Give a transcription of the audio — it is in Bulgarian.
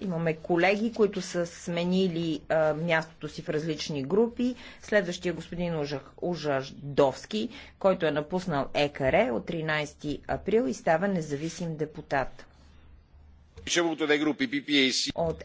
Имаме колеги, които са сменили а, мястото си в различни групи. Следващия е господин Ужах, Довски, който е напуснал ЕКР от 13 април и става независим депутат. От